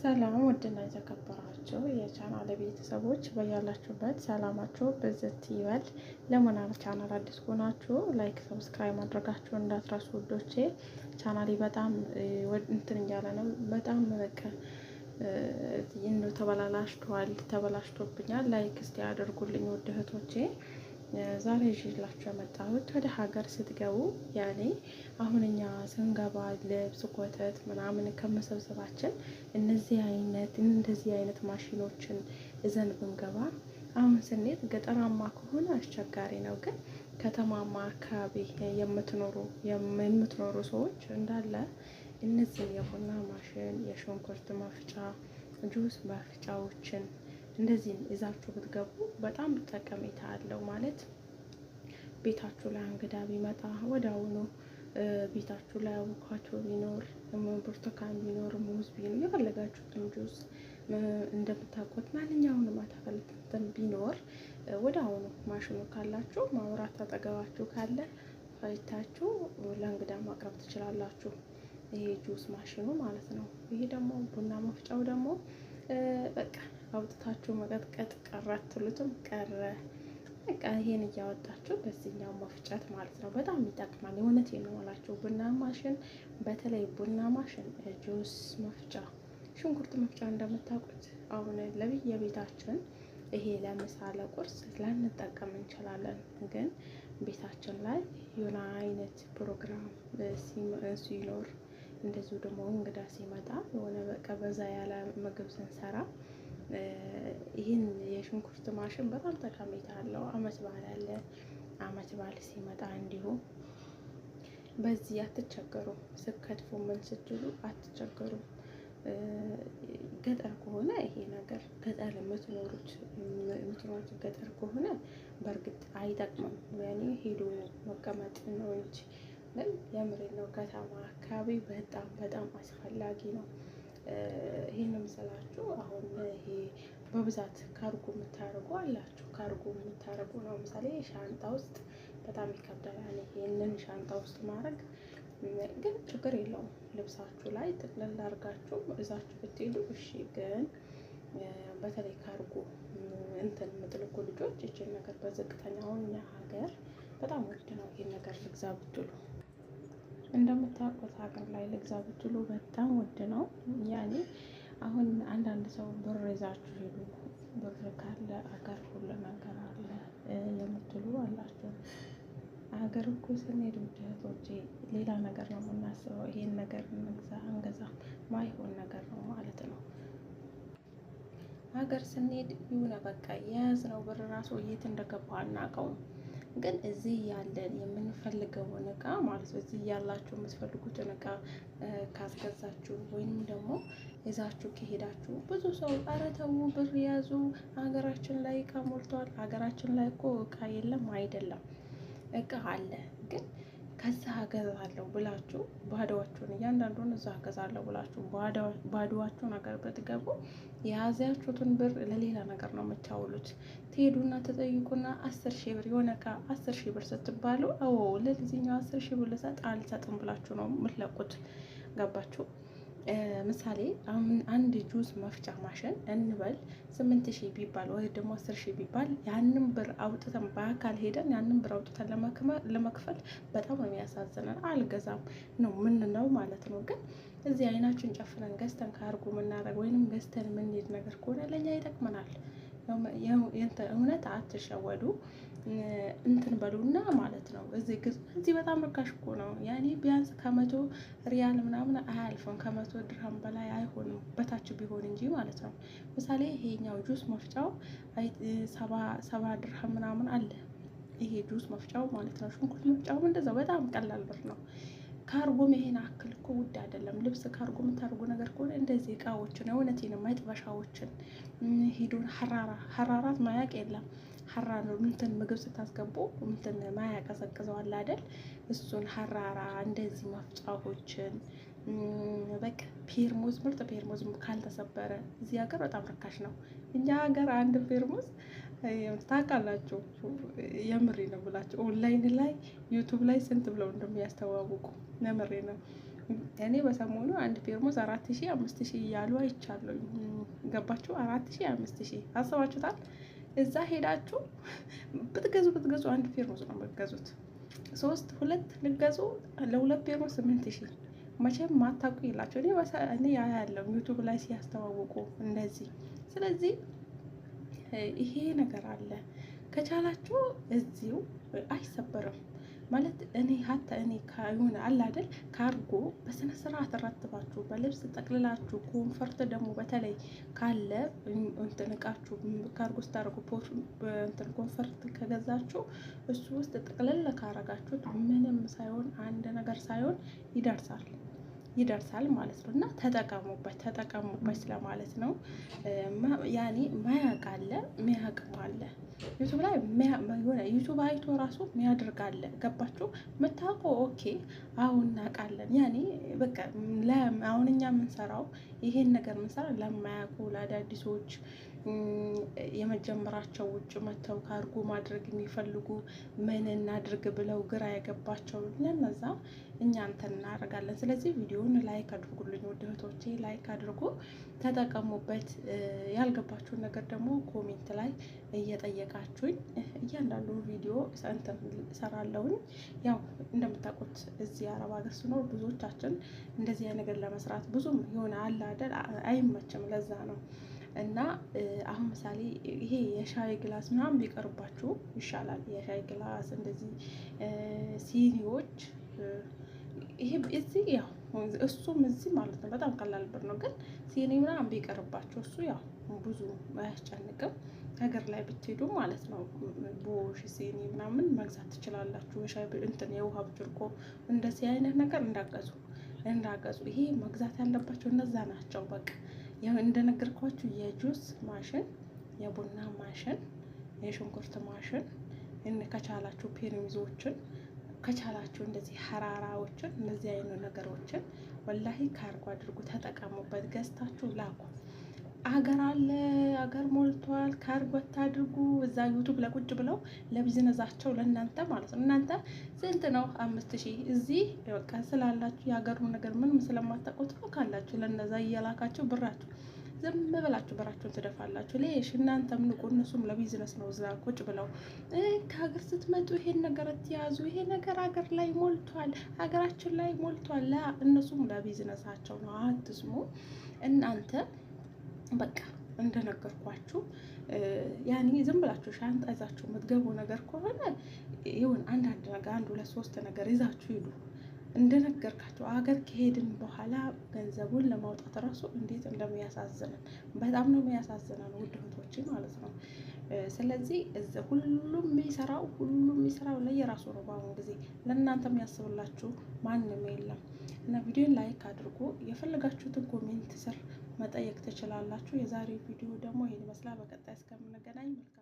ሰላም ውድና የተከበራችሁ የቻናል ቤተሰቦች በያላችሁበት ሰላማችሁ ብዝት ይበል። ለሞናል ቻናል አዲስ ሆናችሁ ላይክ፣ ሰብስክራይብ ማድረጋችሁ እንዳትረሱ ውዶቼ። ቻናሌ በጣም እንትን እያለ ነው። በጣም በቃ ተበላላሽተዋል፣ ተበላሽቶብኛል። ላይክ እስቲ አድርጉልኝ ውድ እህቶቼ። ዛሬ ይዤላችሁ የመጣሁት ወደ ሀገር ስትገቡ ያኔ አሁን እኛ ስንገባ ልብስ፣ ኮተት ምናምን ከመሰብሰባችን እነዚህ አይነት እንደዚህ አይነት ማሽኖችን እዘን ብንገባ አሁን ስንሄድ ገጠራማ ከሆነ አስቸጋሪ ነው። ግን ከተማማ አካባቢ የምትኖሩ የምትኖሩ ሰዎች እንዳለ እነዚህ የቡና ማሽን፣ የሽንኩርት መፍጫ፣ ጁስ መፍጫዎችን እንደዚህ ይዛችሁ ብትገቡ በጣም ጠቀሜታ አለው ማለት ቤታችሁ ላይ እንግዳ ቢመጣ ወዲያውኑ ቤታችሁ ላይ አቮካቶ ቢኖር፣ ብርቱካን ቢኖር፣ ሙዝ ቢኖር፣ የፈለጋችሁትን ጁስ እንደምታውቁት ማንኛውንም አታክልትን ቢኖር ወደ አሁኑ ማሽኑ ካላችሁ ማውራት አጠገባችሁ ካለ ፈጭታችሁ ለእንግዳ ማቅረብ ትችላላችሁ። ይሄ ጁስ ማሽኑ ማለት ነው። ይሄ ደግሞ ቡና መፍጫው ደግሞ በቃ አውጥታችሁ መቀጥቀጥ ቀረ አትሉትም? ቀረ በቃ ይሄን እያወጣችሁ በዚህኛው መፍጨት ማለት ነው። በጣም ይጠቅማል። የእውነት የምንላችሁ ቡና ማሽን፣ በተለይ ቡና ማሽን ጁስ መፍጫ፣ ሽንኩርት መፍጫ እንደምታውቁት አሁን ለብየቤታችን ይሄ ለምሳ ለቁርስ ላንጠቀም እንችላለን። ግን ቤታችን ላይ የሆነ አይነት ፕሮግራም ሲኖር እንደዚሁ ደግሞ እንግዳ ሲመጣ የሆነ በቃ በዛ ያለ ምግብ ስንሰራ ይህን የሽንኩርት ማሽን በጣም ጠቀሜታ አለው። አመት በዓል አለ። አመት በዓል ሲመጣ እንዲሁ በዚህ አትቸገሩም። ስከትፎ ምን ስትሉ አትቸገሩም። ገጠር ከሆነ ይሄ ነገር ገጠር የምትኖሩት የምትኖሩት ገጠር ከሆነ በእርግጥ አይጠቅምም። ያኔ ሄዶ መቀመጥ ነው እንጂ ግን የምሬ ነው። ከተማ አካባቢ በጣም በጣም አስፈላጊ ነው። ይህን ምስላችሁ አሁን ይሄ በብዛት ካርጎ የምታደርጉ አላችሁ። ካርጎ የምታደርጉ ነው ምሳሌ ሻንጣ ውስጥ በጣም ይከብዳል። ይህንን ሻንጣ ውስጥ ማድረግ ግን ችግር የለውም። ልብሳችሁ ላይ ጥቅልል አድርጋችሁ እዛችሁ ብትሄዱ እሺ። ግን በተለይ ካርጎ እንትን የምትልኩ ልጆች ይችን ነገር በዝቅተኛ አሁን ሀገር በጣም ውድ ነው። ይህን ነገር ልግዛ ብትሉ እንደምታውቁት ሀገር ላይ ልግዛ ብትሉ በጣም ውድ ነው። ያኔ አሁን አንዳንድ ሰው ብር ይዛችሁ ሄዱ፣ ብር ካለ አገር ሁሉ ነገር አለ የምትሉ አላቸው። አገር እኮ ስንሄድ ውድ እህቶቼ፣ ሌላ ነገር ነው የምናስበው። ይሄን ነገር እንግዛ እንገዛ ማይሆን ነገር ነው ማለት ነው። ሀገር ስንሄድ ይሁነ በቃ የያዝነው ብር ራሱ የት እንደገባ አናውቀውም። ግን እዚህ ያለን የምንፈልገውን እቃ ማለት ነው እዚህ ያላችሁ የምትፈልጉትን እቃ ካስገዛችሁ ወይም ደግሞ ይዛችሁ ከሄዳችሁ ብዙ ሰው ኧረ ተው ብር ያዙ ሀገራችን ላይ እቃ ሞልቷል ሀገራችን ላይ እኮ እቃ የለም አይደለም እቃ አለ ግን ከዛ አገዛለሁ ብላችሁ ባዶዋችሁን እያንዳንዱን እዛ አገዛለሁ ብላችሁ ባዶዋችሁን ሀገር ብትገቡ የያዛችሁትን ብር ለሌላ ነገር ነው የምታውሉት። ትሄዱና ተጠይቁና አስር ሺህ ብር የሆነ እቃ አስር ሺህ ብር ስትባሉ አዎ ለልጅኛው አስር ሺህ ብር ልሰጥ አልሰጥም ብላችሁ ነው የምትለቁት። ገባችሁ? ምሳሌ አንድ ጁስ መፍጫ ማሽን እንበል ስምንት ሺህ ቢባል ወይ ደግሞ አስር ሺህ ቢባል ያንን ብር አውጥተን በአካል ሄደን ያንን ብር አውጥተን ለመክፈል በጣም የሚያሳዝነን። አልገዛም ነው ምን ነው ማለት ነው። ግን እዚህ አይናችን ጨፍነን ገዝተን ካርጎ የምናደርግ ወይንም ገዝተን የምንሄድ ነገር ከሆነ ለእኛ ይጠቅመናል። እውነት አትሸወዱ። እንትን በሉና ማለት ነው። እዚህ ግዝ እዚህ በጣም ርካሽ እኮ ነው። ያኔ ቢያንስ ከመቶ ሪያል ምናምን አያልፍም። ከመቶ ድርሃም በላይ አይሆንም፣ በታች ቢሆን እንጂ ማለት ነው። ምሳሌ ይሄኛው ጁስ መፍጫው ሰባ ድርሃም ምናምን አለ። ይሄ ጁስ መፍጫው ማለት ነው። ሽንኩርት መፍጫው እንደዛው በጣም ቀላል ብር ነው። ካርጎም ይሄን አክል እኮ ውድ አይደለም። ልብስ ካርጎ የምታደርጉ ነገር ከሆነ እንደዚህ እቃዎችን እውነቴን መጥበሻዎችን ሂዱን ሀራራ ሀራራት ማያቅ የለም ነው እንትን ምግብ ስታስገቡ እንትን ማያቀዘቅዘው አለ አይደል? እሱን ሀራራ እንደዚህ መፍጫዎችን በቃ ፔርሙዝ ምርጥ ፔርሙዝ ካልተሰበረ እዚህ ሀገር በጣም ርካሽ ነው። እኛ ሀገር አንድ ፔርሙዝ ታውቃላችሁ፣ የምሬ ነው ብላችሁ ኦንላይን ላይ ዩቱብ ላይ ስንት ብለው እንደሚያስተዋውቁ የምሬ ነው። እኔ በሰሞኑ አንድ ፔርሙዝ አራት ሺህ አምስት ሺህ እያሉ አይቻለሁ። ገባችሁ? አራት ሺህ አምስት ሺህ አስባችሁታል? እዛ ሄዳችሁ ብትገዙ ብትገዙ አንድ ፌርሙስ ነው የምትገዙት። ሶስት ሁለት ልገዙ ለሁለት ፌርሙስ ስምንት ሺ መቼም ማታውቁ የላቸው። እኔ እኔ ያ ያለው ዩቱብ ላይ ሲያስተዋውቁ እንደዚህ። ስለዚህ ይሄ ነገር አለ። ከቻላችሁ እዚሁ አይሰበርም ማለት እኔ ሀታ እኔ ከሆነ አለ አይደል ካርጎ በስነ ስርዓት ረትባችሁ በልብስ ጠቅልላችሁ ኮንፈርት ደግሞ በተለይ ካለ እንትን እቃችሁ ካርጎ ስታደርጉ እንትን ኮንፈርት ከገዛችሁ እሱ ውስጥ ጠቅልል ካረጋችሁት ምንም ሳይሆን አንድ ነገር ሳይሆን ይደርሳል። ይደርሳል ማለት ነው። እና ተጠቀሙበት ተጠቀሙበት ስለማለት ነው። ያኔ ማያቅ አለ ሚያቅም አለ ዩቱብ ላይ ሆነ ዩቱብ አይቶ ራሱ ሚያደርግ አለ። ገባችሁ? ምታውቁ ኦኬ፣ አሁን እናውቃለን። ያኔ በቃ አሁን እኛ የምንሰራው ይሄን ነገር ምንሰራ ለማያውቁ ለአዳዲሶች የመጀመራቸው ውጭ መተው ካርጎ ማድረግ የሚፈልጉ ምን እናድርግ ብለው ግራ የገባቸው ለነዛ እኛ እንትን እናደርጋለን። ስለዚህ ቪዲዮውን ላይክ አድርጉልኝ ውድ እህቶቼ፣ ላይክ አድርጉ፣ ተጠቀሙበት። ያልገባችሁን ነገር ደግሞ ኮሜንት ላይ እየጠየቃችሁኝ እያንዳንዱ ቪዲዮ እንትን እሰራለሁኝ። ያው እንደምታውቁት እዚህ አረብ ሀገር ስኖር ብዙዎቻችን እንደዚህ ነገር ለመስራት ብዙም የሆነ አለ አይደል አይመችም። ለዛ ነው እና አሁን ምሳሌ ይሄ የሻይ ግላስ ምናምን ቢቀርባችሁ ይሻላል። የሻይ ግላስ እንደዚህ ሲኒዎች ይሄ እዚህ ያው እሱም እዚህ ማለት ነው። በጣም ቀላል ብር ነው፣ ግን ሲኒ ምናምን ቢቀርባቸው እሱ ያው ብዙ አያስጨንቅም። ሀገር ላይ ብትሄዱ ማለት ነው ቦሽ ሲኒ ምናምን መግዛት ትችላላችሁ። ሻይ እንትን የውሃ ብርጭቆ እንደዚህ አይነት ነገር እንዳገዙ እንዳገዙ ይሄ መግዛት ያለባቸው እነዛ ናቸው። በቃ እንደነገርኳችሁ የጁስ ማሽን፣ የቡና ማሽን፣ የሽንኩርት ማሽን ከቻላችሁ ፔርሚዞችን ከቻላችሁ እንደዚህ ሀራራዎችን እንደዚህ አይኑ ነገሮችን ወላሂ ካርጎ አድርጉ፣ ተጠቀሙበት፣ ገዝታችሁ ላኩ። አገር አለ አገር ሞልቷል። ካርጎ አታድርጉ። እዛ ዩቱብ ለቁጭ ብለው ለቢዝነሳቸው ለእናንተ ማለት ነው። እናንተ ስንት ነው? አምስት ሺህ እዚህ በቃ ስላላችሁ የሀገሩ ነገር ምንም ስለማታውቁት ካላችሁ ለነዛ እየላካችሁ ብራችሁ ዝም ብላችሁ በራችሁን ትደፋላችሁ። ሌሽ እናንተም ንቁ፣ እነሱም ለቢዝነስ ነው እዛ ቁጭ ብለው። ከሀገር ስትመጡ ይሄን ነገር እትያዙ፣ ይሄ ነገር ሀገር ላይ ሞልቷል፣ ሀገራችን ላይ ሞልቷል። ላ እነሱም ለቢዝነሳቸው ነው። አትስሙ እናንተ በቃ እንደነገርኳችሁ ያኔ ዝም ብላችሁ ሻንጣ ይዛችሁ የምትገቡ ነገር ከሆነ ይሁን አንዳንድ ነገር አንዱ ለሶስት ሶስት ነገር ይዛችሁ ሂዱ። እንደነገርካቸው አገር ከሄድን በኋላ ገንዘቡን ለማውጣት ራሱ እንዴት እንደሚያሳዝነን በጣም ነው የሚያሳዝነን፣ ውድ እህቶች ማለት ነው። ስለዚህ ሁሉም የሚሰራው ሁሉም የሚሰራው ላይ የራሱ ነው። በአሁኑ ጊዜ ለእናንተ የሚያስብላችሁ ማንም የለም እና ቪዲዮን ላይክ አድርጎ የፈለጋችሁትን ኮሜንት ስር መጠየቅ ትችላላችሁ። የዛሬው ቪዲዮ ደግሞ ይህን ይመስላል። በቀጣይ እስከምንገናኝ መልካም